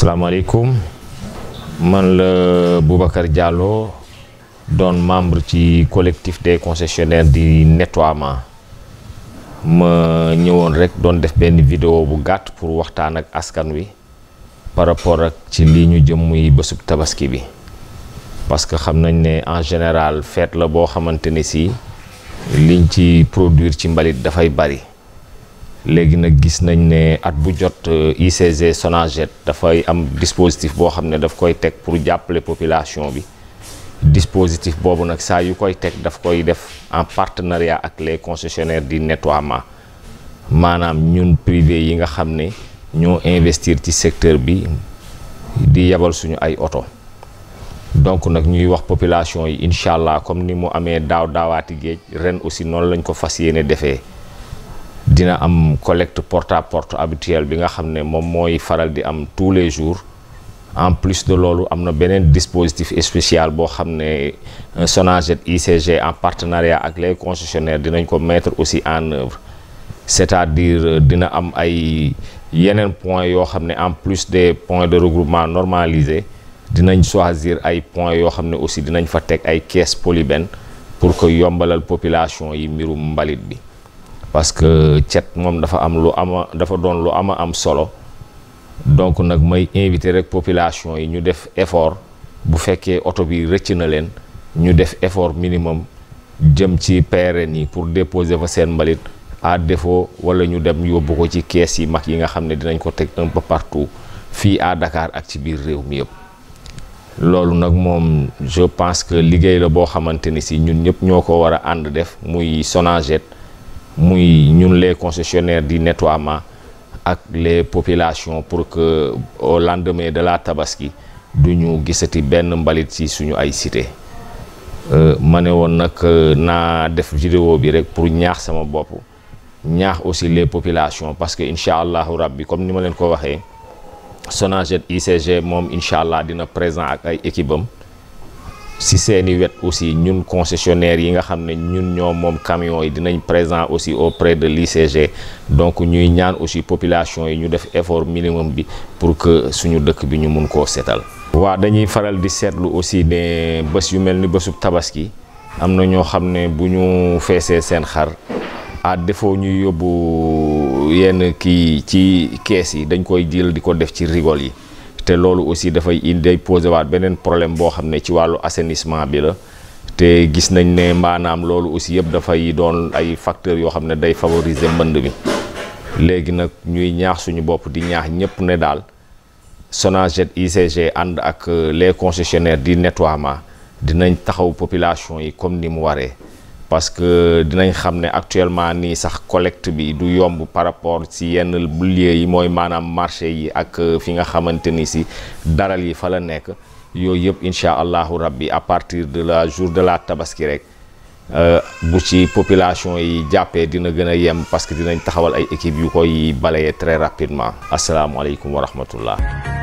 salaamaaleykum man la Boubacar Diallo doon membre ci collectif des concessionnaires di nettoiement ma ñëwoon rek doon def benn vidéo bu gàtt pour waxtaan ak askan wi par rapport ak ci lii ñu jëm muy bésub tabaski bi parce que xam nañ ne en général fête la boo xamante ne si liñ ci produir ci mbalit dafay bari léegi nag gis nañ ne at bu jot euh, ICG Sonaged dafay am dispositif boo xam ne daf koy teg pour jàppale population bi dispositif boobu nag saa yu koy teg daf koy def en partenariat ak les concessionnaires du nettoiement maanaam ñun privé yi nga xam ne ñoo investir ci secteur bi di yebal suñu ay oto donc nag ñuy wax population yi incha allah comme ni mu amee daaw daawaati géej ren aussi noonu lañ ko fas yéene defee dina am collecte porta porte habituelle bi nga xam ne moom mooy faral di am tous les jours en plus de loolu am na beneen dispositif spécial boo xam ne euh, Sonaget ICG en partenariat ak les concessionnaires dinañ ko mettre aussi en œuvre c'est-à-dire euh, dina am ay yeneen points yoo xam ne en plus des point de regroupement normalisés dinañ choisir ay points yoo xam ne aussi dinañ fa teg ay caisse polybène pour que yombalal population yi mbirum mbalit bi parce que cet moom dafa am lu ama dafa doon lu ama am solo donc nag may invité rek population yi ñu def effort bu fekkee oto bi rëcc na leen ñu def effort minimum jëm ci PRN yi pour déposer fa seen mbalit à defo wala ñu dem yóbbu ko ci kees yi mag yi nga xam ne dinañ ko teg un peu partout fii à Dakar ak ci biir réew mi yëpp loolu nag moom je pense que liggéey la boo xamante ni si ñun ñëpp ñoo ko war a ànd def muy Sonaged muy ñun les concessionnaires di nettoiement ak les populations pour que au lendemain de la tabaski du ñu gisati benn mbalit si suñu ay cité euh, ma ne woon nag euh, naa def vidéo bi rek pour ñaax sama bopp ñaax aussi les populations parce que incha allahu rabbi comme ni ma leen ko waxee Sonaged ICG moom incha allah dina présent ak ay équipe si seeni wet aussi ñun concessionnaire yi nga xam ne ñun ñoo moom camion yi dinañ présent aussi près de l'ICG donc ñuy ñaan aussi population yi ñu def effort minimum bi pour que suñu dëkk bi ñu mun koo seetal waa dañuy faral di seetlu aussi ne bës yu mel ni bësub tabaski am na ñoo xam ne bu ñu feesee seen xar à défaut ñuy yóbbu yenn kii ci kees yi dañ koy jël di ko def ci rigol yi te loolu aussi dafay indi day posé waat beneen problème boo xam ne ci wàllu assainissement bi la te gis nañ ne maanaam loolu aussi yëpp dafay doon ay facteurs yoo xam ne day favoriser mbënd mi léegi nag ñuy ñaax suñu bopp di ñaax ñëpp ne daal SONAGED ICG ànd ak euh, les concessionnaires di nettoiement dinañ taxaw population yi comme ni mu waree parce que dinañ xam ne actuellement nii sax collect bi du yomb par rapport si yenn lieux yi mooy maanaam marché yi ak euh, fi nga xamante ni si daral yi fa la nekk yooyu yëpp incha allahu rabbi à partir de la jour de la tabaski rek euh, bu ci population yi jàppee dina gën a yem parce que dinañ taxawal ay équipes yu koy balayer très rapidement asalaamualeykum wa rahmatullah